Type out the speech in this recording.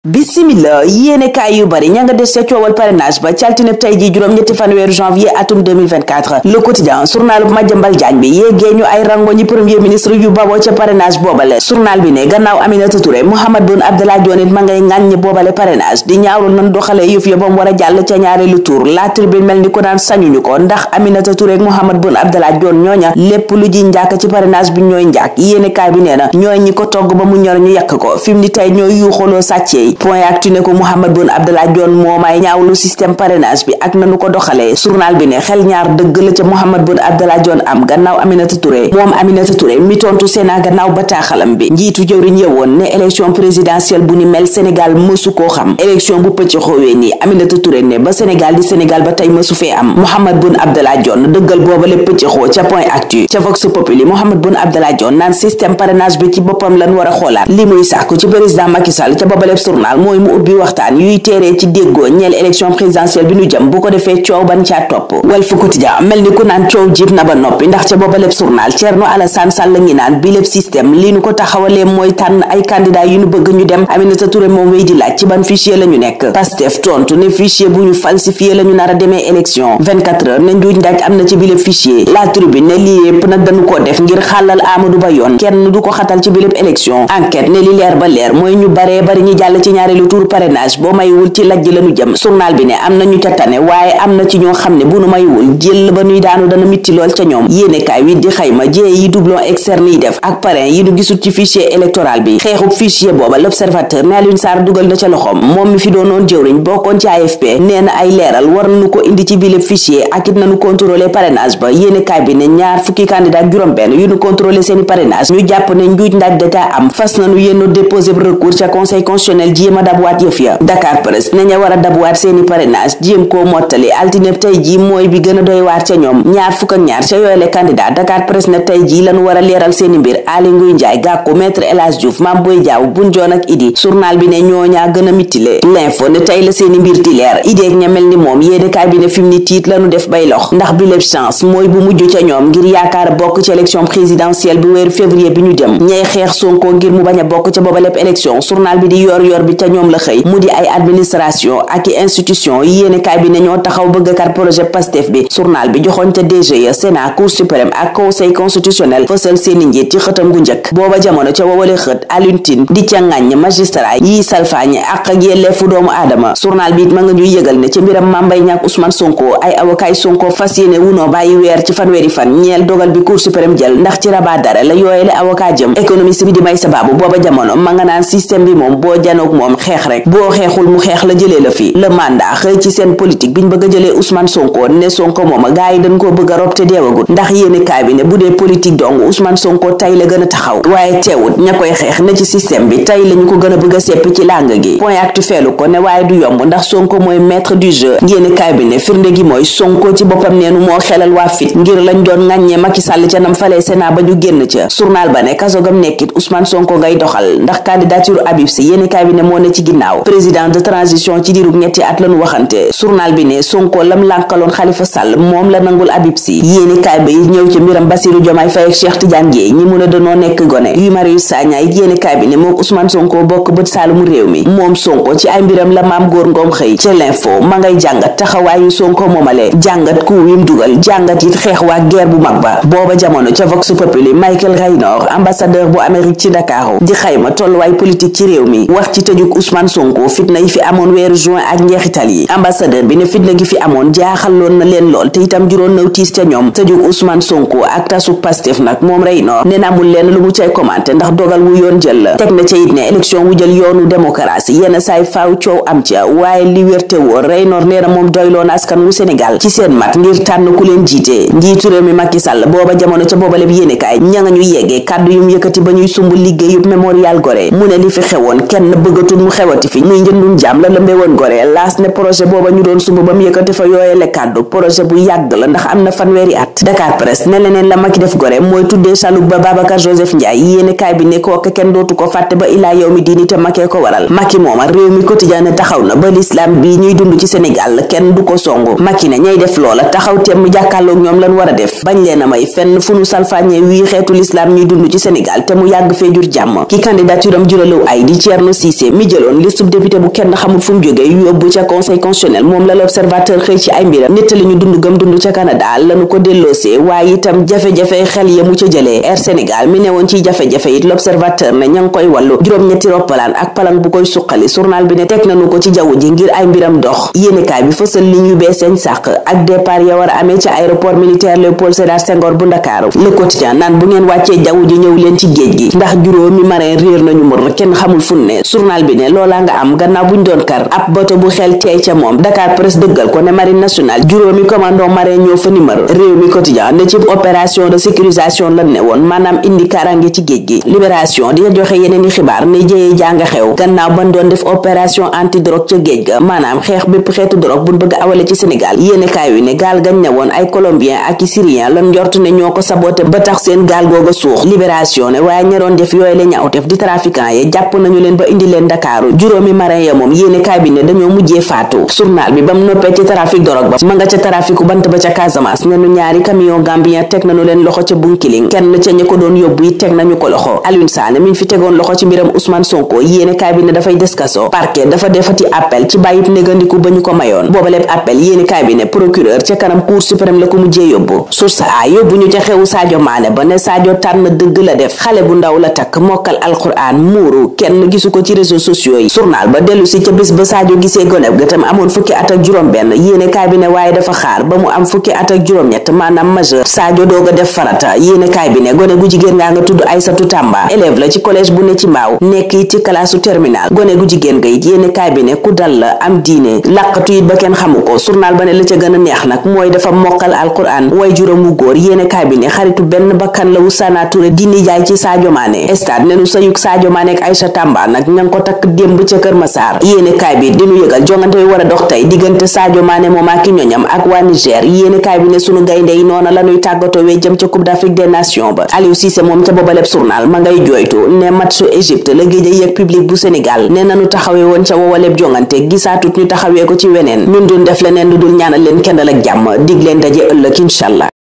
bisimila yéenekaay yu bari ña nga des ca coowal parrainage ba caltineb tay ji juróom ñetti fanweeru janvier atum 2024 le quotidien journal bu Madiambal Diagne bi yéegée ñu ay rango ñi premier ministre yu bawoo ca parrainage boobale journal bi ne gannaaw Aminata Touré Mahammed Boun Abdallah Dionne it ma ngay ŋàññi boobale parrainage di ñaawlu nan doxale yëf ya bam war a jàll ca ñaareelu tour la tribune mel ni ko naan sañuñu ko ndax Aminata Touré ak Mahammed Boun Abdallah ba mu ñor ñu yàq ko liggéey point actu ne ko Mouhamed Boun Abdallah Dionne moomaay ñaawlu système parrainage bi ak nanu ko doxalee journal bi ne xel ñaar dëgg la ca Mouhamed Boun Abdallah Dionne ba Sénégal di Sénégal ba tey mësu fee am Mouhamed Boun Abdallah Dionne dëggal boobale pëcc xoo ca point actu ca Vox Populi Mouhamed Boun Abdallah Dionne naan système parrainage bi ci boppam lan war a xoolaat li muy sàkku ci président Macky ca boobaleb journal mooy mu ubbi waxtaan yuy teeree ci déggoo ñeel élection présidentielle bi ñu jëm bu ko defee coow ban caa topp Walf Quotidien mel ni ku naan coow jiib na ba noppi ndax ca booba lépp journal Thierno Alassane Sall ngi naan bi système li ñu ko taxawalee mooy tànn ay candidat yu ñu bëgg ñu dem Aminata Touré moom di laaj ci ban fichier la nekk Pastef tontu ne fichier bu ñu falsifié la ñu a demee élection ne njuuj ndaaj am na ci bi lépp fichier Ba yoon kenn du ko xatal ci bi ci ñaareelu tour parrainage boo maywul ci lajj lañu jëm journal bi ne am na ñu ca tane waaye am na ci ñoo xam ne bu nu maywul jël ba nuy daanu dana mitti lool ca ñoom yéenekaay wi bi ne ñaar fukki candidat juróom benn yu nu contrôler seeni parrainage ñu jàpp ne njuuj ndaaj ca am fas nañu yéen déposer recours ca conseil constitutionnel jéem a Press ne ña war a dabwaat seeni parrainage jéem koo mottali altine tey jii mooy bi gën a doy waar ca ñoom ñaar fukk ak ñaar ca yooyle candidat Dakar Press ne tey jii lañu war a leeral seeni mbir Aly Ngouille Ndiaye Gakou Maître El Hadji Diouf Mame Boye Diao ak Idi journal bi ne ñoo gën a mittile l'info ne tey la seeni mbir di leer Idi ak ña mel ni moom yéenekaay bi ne fi ni tiit lañu def bay lox ndax bi chance mooy bu mujj ca ñoom ngir a bokk bi ca ñoom la xëy mu di ay administration ak i institution yéene kaay bi ne ñoo taxaw bëgg kar projet pastef bi journal bi joxoon ca DGE Sénat Cour suprême ak conseil constitutionnel fësal seeni njiit ci xëtam gu njëkk booba jamono ca mbiram Mame ak Ousmane Sonko ay avocat Sonko fas yéene wunoo bàyyi weer ci fanweeri fan ñeel dogal bi Cour suprême jël ndax ci rabat dara la yooyele avocat jëm économiste bi di may sababu booba jamono ma nga moom xeex rek boo xeexul mu xeex la jëlee la fi le mandat xëy ci seen politique biñ bëgg a jëlee Ousmane Sonko ne Sonko mooma gaay yi a rob te deewagut ndax yéene cabinet bu Sonko tay la gën a taxaw waaye teewut ña koy xeex na ci système bi tay lañu ko gën a bëgg a sepp ci làng gi point actu feelu ko ne waaye du yomb ndax Sonko mooy maître du jeu yéene cabinet firnde gi mooy Sonko ci boppam neenu moo xelal waa fit ngir lañ doon ŋàññee Macky Sall ca nam falee Sénat ba ñu génn ca journal ba ne kasogam nekkit Ousmane Sonko moo ne ci ginnaaw président de transition ci diirub ñetti at lañu waxante journal bi ne moom la nangul Habib Sy yéeni kaay ba it ñëw ci mbiram Bassirou Diomaye Faye ak Cheikh Tidiane a danoo nekk gone yu Marius Sagna kaay bi ne moom Ousmane Sonko bokk bët saalumu réew mi moom Sonko ci ay mbiram la maam góor ngoom xëy ci l'info ma ngay jàngat taxawaayu Sonko moomale jàngat ku yim dugal jàngat it xeex waa guerre bu mag ba booba jamono ca Vox Populi Michael Raynor ambassadeur bu Amérique ci Ndakaaru di xayma tolluwaay politique ci réew mi wax ci tëj mujjug Ousmane Sonko fitna yi fi amoon weeru juin ak njeexital yi ambassadeur bi ne fitna gi fi amoon jaaxaloon na leen lool te itam juróon naw ca ñoom tëjug Ousmane Sonko ak tasu Pastef nag moom rey noo mu la teg doyloon askan wu Sénégal ci seen mat ngir tànn ku leen jiite njiitu mi Macky Sall booba jamono ca boobaleb yéenekaay ña nga ñu yeggee kàddu yum yëkkati ba ñuy sumb liggéeyub mémorial Gorée mu ne li fi xewoon kenn bëgg bëggatul mu xewati fi muy njëndum jaam la lëmbee woon goree laas ne projet booba ñu doon sumb ba mu yëkkati fa yooyele kàddu projet bu yàgg la ndax am na fanweeri at Dakar Presse ne leneen la Macky def gore mooy tuddee chalub ba Babacar Joseph Ndiaye yéene kaay bi ne kenn dootu ko fàtte ba ilaa yow mi diini te Macky ko waral Macky mooma réew mi quotidien taxaw na ba l'islam bi ñuy dund ci Sénégal kenn du ko songu Macky ne ñay def loola taxaw a te mu Guèye mi jëloon liste député bu kenn xamul fu mu jógee yóbbu ca conseil constitutionnel moom la l'observateur xëy ci ay mbiram nettali ñu dund gëm dund ca Canada lañu ko delloosee waaye itam jafe-jafe xel ya mu ca jëlee Air Sénégal mi woon ci jafe-jafe it l'observateur ne ña ngi koy wàllu juróom-ñetti roppalaan ak palang bu koy suqali surnal bi ne teg nañu ko ci jaww ji ngir ay mbiram dox yéenekaay bi fësal li ñu bee seen sàq ak départ ya war a amee ca aéroport militaire Léopold Sédar Senghor bu Ndakaaru le quotidien naan ngeen wàccee jaww ji ñëw leen ci géej gi ndax juróomi marin réer nañu mër kenn xamul fu ne journal bi ne loolaa nga am gannaaw buñ doon kar ab bato bu xel teey ca moom Dakar Presse dëggal ko ne marine nationale juróomi commando marine ñoo fa numéro réew mi quotidien ne ci opération de sécurisation lan ne woon maanaam indi karange ci géej gi libération dina joxe yeneen i xibaar ne jëyee jàng xew gannaaw ban doon def opération anti drogue ca géej ga maanaam xeex bépp xeetu drogue buñ bëgg awale ci Sénégal yéene ne gaal gañ ne woon ay colombien ak i ba tax seen gaal googa suux libération ne waaye ña doon def ndakaaru juróomi marin ya moom yéene kaay dañoo mujjee faatu journal bi ba mu noppee ci trafic dorog ba ma nga ca trafiku bant ba ca Casamance nenu ñaari camion gambien teg nañu leen loxo ca Bunkiling kenn ca ña ko doon yóbbu ñu ko mayoon boobaleb appel yéene kaay procureur ca kanam cour suprême la ko mujjee yóbbu source a yóbbu ñu ca xewu Sadio Mané ba ne Sadio tànn dëgg la def xale bu ndaw la takk mokkal alquran muuru kenn gisu sociaux yi journal ba dellu si ca bis ba Sadio Guissé goneb ga tam amoon fukki at ak juróom benn yéene kaay bi waaye dafa xaar ba mu am fukki at ak juróom-ñett maanaam majeur Sadio doog a def farata yéene kaay bi ne gone gu jigéen ngaa nga tudd Aysatu Tamba élève la ci collège bu ne ci mbaaw nekk it ci kalaasu terminal gone gu jigéen nga it kaay bi ne ku dal la am diine làqatu it ba kenn xamu ko journal ba ne la ca gën a neex nag mooy dafa mokkal alquran way juróom wu góor yéene kaay bi ne xaritu benn bakkan la wu Sana Touré dini jaay ci saajo Mané stade ne nu sayug Sadio Mané ak Aïssa Tamba takk démb ca Kër Masaar yéene kaay bi dinu yëgal jongante bi war a dox tey diggante Sadio Mané moom ak ñoñam ak waa Niger yéene kaay bi ne sunu gaynde noona la ñuy tàggatoo wee jëm ca Coupe d'Afrique des Nations ba Aliou Cissé moom ca boobaleb journal ma ngay jooytu ne matchu Égypte la géej a yëg public bu Sénégal ne nanu taxawee woon ca wowaleb jongante gisaatut ñu taxawee ko ci weneen ñun duñ def leneen lu dul ñaanal leen kendal ak jàmm dig